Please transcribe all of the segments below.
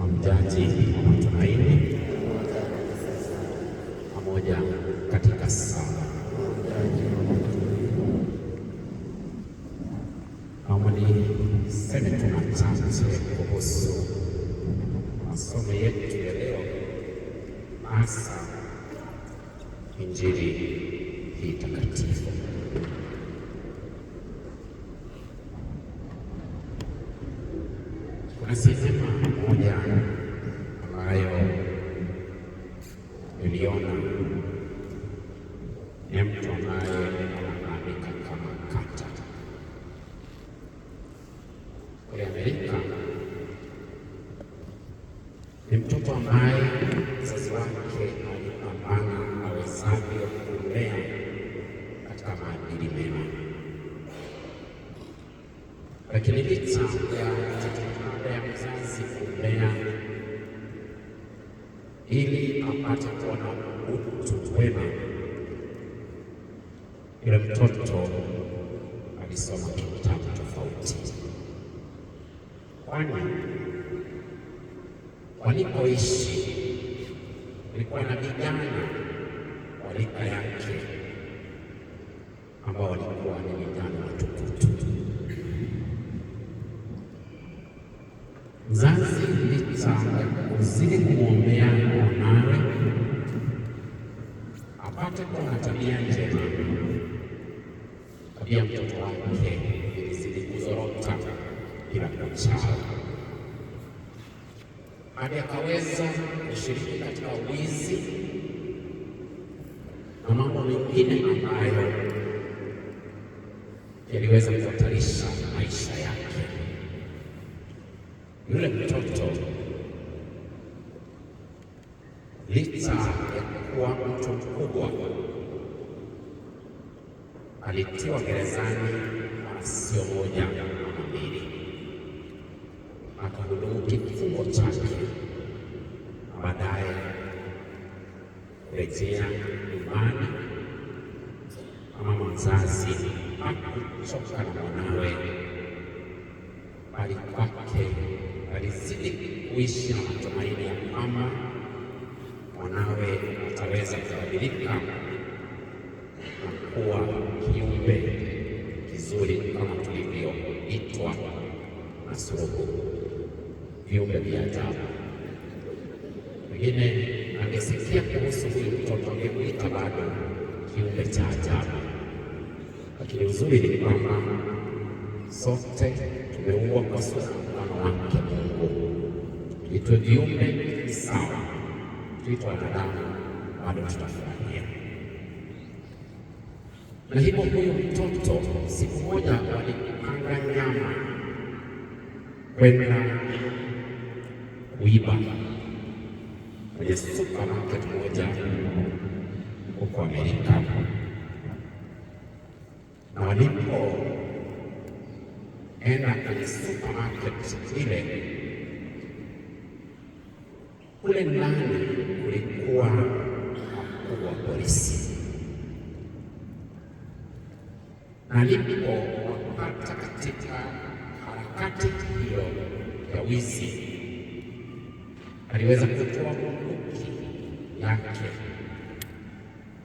wa Matumaini pamoja katika sala amani, seme tu machache kuhusu masomo yetu ya leo, hasa injili hii takatifu. sinema moja ambayo niliona ni mtu ambaye anafahamika kama kata kule Amerika. Ni mtoto ambaye mzazi wake alipambana awezavyo kulea katika maadili mema, lakini licha ya ya mzazi kumlea ili apate kuwa na utu wema. Yule mtoto alisoma kitabu tofauti, kwani walipoishi ilikuwa na vijana wa rika yake ambao walikuwa ni vijana kipindi changu, uzidi kumwombea mwanawe apate kuwa na tabia njema. Tabia mtoto wake ilizidi kuzorota kila kuchao, hadi akaweza kushiriki katika wizi na mambo mengine ambayo yaliweza kuhatarisha maisha yake yule mtoto licha ya kuwa mtu mkubwa alitiwa gerezani mara sio moja ama mbili, akahudumu kifungo chake, baadaye kurejea nyumbani. Mama mzazi hakuchoka na mwanawe, bali kwake walizidi kuishi na matumaini ya kwamba mwanawe ataweza kubadilika na kuwa kiumbe kizuri kama tulivyoitwa na Suluhu, viumbe vya ajabu. Pengine angesikia kuhusu huyu mtoto angemwita bado kiumbe cha ajabu, lakini uzuri ni kwamba sote tumeumbwa kwa sura na mfano wake tuitwe viumbe sawa, tuitwe wanadamu, bado tutafurahia. Na hivyo huyo mtoto siku moja walipanga nyama kwenda kuiba kwenye supermarket moja huko Amerika, na walipoenda kwenye supermarket ile kule ndani kulikuwa mkuu wa polisi, na nilipowapata katika harakati hiyo ya wizi, aliweza kutoa bunduki yake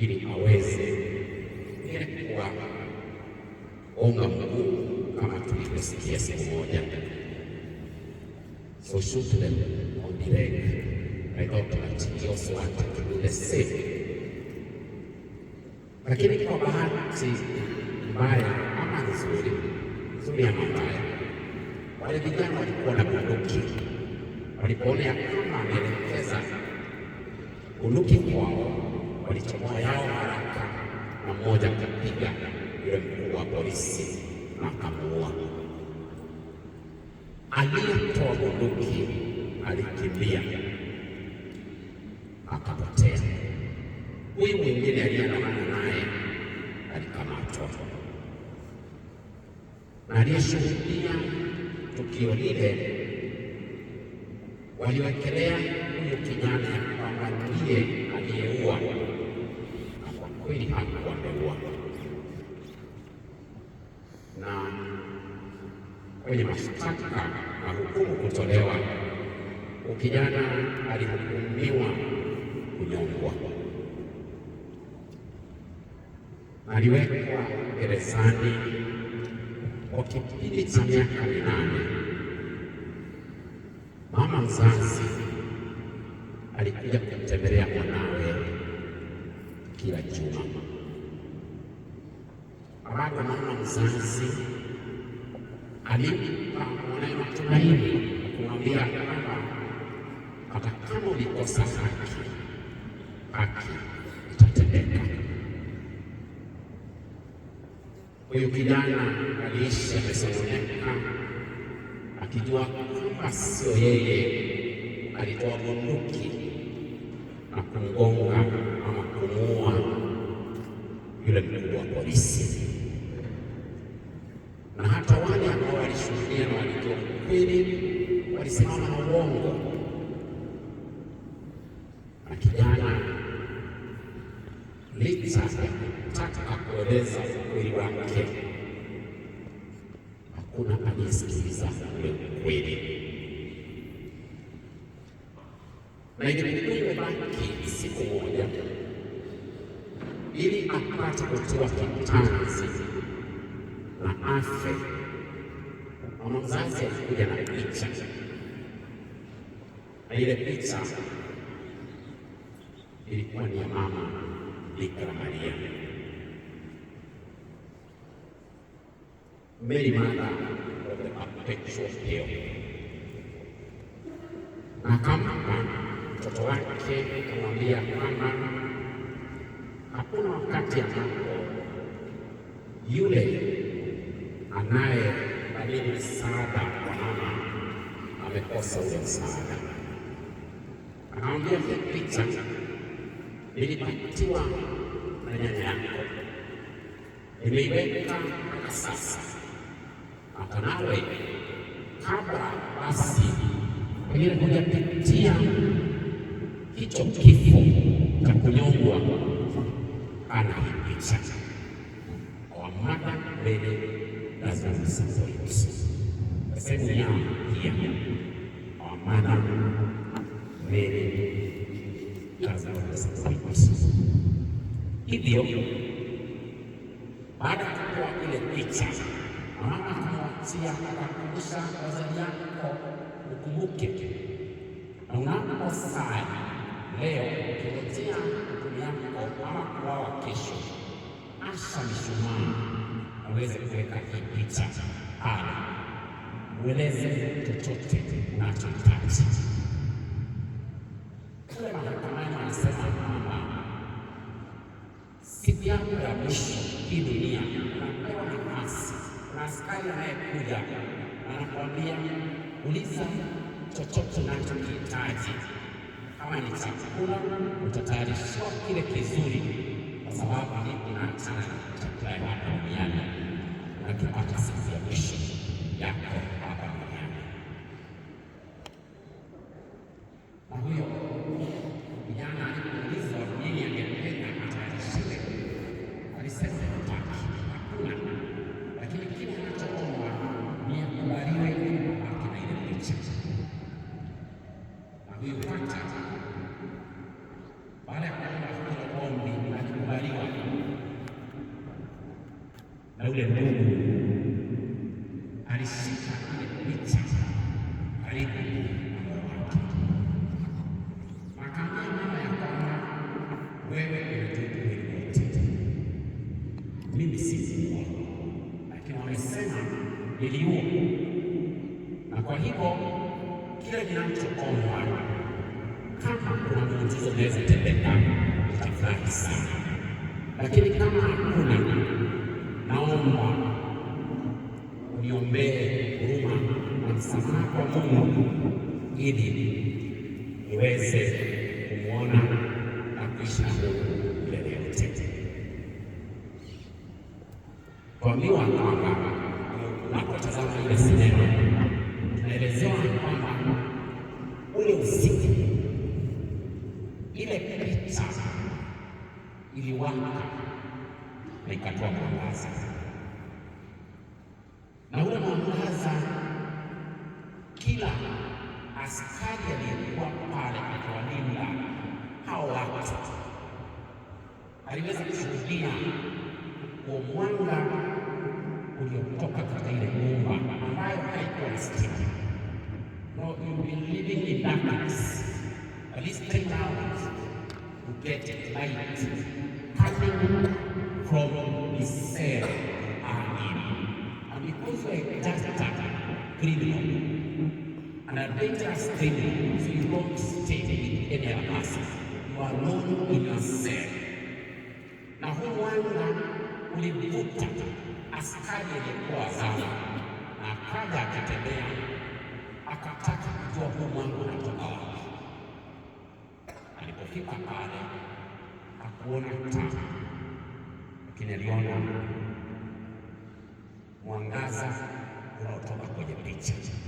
ili aweze kuwa onga mkuu kama tulivyosikia siku moja, so shoot them on the leg document he also the same, lakini kwa bahati mbaya ama nzuri nzuri ama mbaya, wale vijana walikuwa na bunduki. Walipoona kama ameelekeza bunduki kwao, walichomoa yao haraka, na mmoja akapiga yule mkuu wa polisi na akamuua. Aliyetoa bunduki alikimbia. huyu mwingine aliyeandamana naye alikamatwa, na aliyeshuhudia tukio lile waliwekelea huyu kijana kwamba ndiye aliyeua, na kwa kweli hakuwa ameua. Na kwenye mashtaka na hukumu kutolewa, ukijana alihukumiwa kunyongwa. aliwekwa gerezani kwa kipindi cha miaka minane. Mama mzazi alikuja kumtembelea mwanawe kila juma. abaka mama mzazi alimpa mwanawe matumaini, kumwambia kwamba hata kama ulikosa haki haki Huyu kijana aliishi amesononeka, akijua kwamba sio yeye. Alitoa bunduki na kumgonga ama kumuua yule mkuu wa polisi, na hata wale ambao walishuhudia na walijua kweli walisimama na uongo, na kijana licha ya kutaka kueleza ukweli wake. Hakuna aliyesikiliza ule ukweli, na ilikuwa imebaki siku moja ili apate kutiwa kitanzi na afe. Mama mzazi alikuja na picha, na ile picha ilikuwa ni ya mama Bikira Maria. many manner of the perpetual hell. Na kampa mtoto wake kamwambia kwamba hakuna wakati ambapo yule anayebadili msaada kwa mama amekosa ule msaada. Akamwambia picha nilipatiwa na nyanya yako, nimeiweka mpaka sasa akanawe kabla basi pengine kujapitia hicho kifo cha kunyongwa, anahimiza wamada mbele lazimasizoiti sehemu ya pia wamada mbele lazimasizoiti. Hivyo baada ya kutoa ile picha maana anawatia akakumbusha daraja yako, ukumbuke unaposali leo ukiletea mtumi yako ama kuwawa kesho, asha mishumaa uweze kuweka hii picha pale, ueleze chochote unachohitaji kule mahakamani. Wanasema kwamba siku yako ya mwisho hii dunia unapewa na askari anayekuja anakuambia uliza chochote unachokihitaji. Kama ni chakula, utatayarishiwa kile kizuri, kwa sababu unaachana chakula ya duniani na kipata ya mwisho yako. alishika ile picha karibu moyo wake, akaambia mama ya kwamba wewe ulitukuiwote mimi sikuua, lakini wamesema niliua, na kwa hivyo kile kinachokoma kama kuna muujiza unaweza tendeka, utafurahi sana, lakini kama hakuna naomba niombee huruma na msamaha kwa Mungu ili niweze kumwona na kuishi na Mungu milele yote. Kuambiwa kwamba unapotazama ile sinema, tunaelezewa kwamba ule usiku ile picha iliwaka na ikatoa mwangaza kila askari aliyekuwa pale akawalinda hao watu aliweza kushuhudia huo mwanga uliotoka katika ile nyumba ambayo haikuwa na stima. No, you be living in darkness. At least take now to get light coming from the cell you And because you are a criminal, na data stadium is not stated in any of Na huu mwanga ulivuta askari aliyekuwa zamu, na akaja akitembea, akataka kujua huu mwanga unatoka wapi. Alipofika pale akuona taa, lakini aliona mwangaza unaotoka kwenye picha.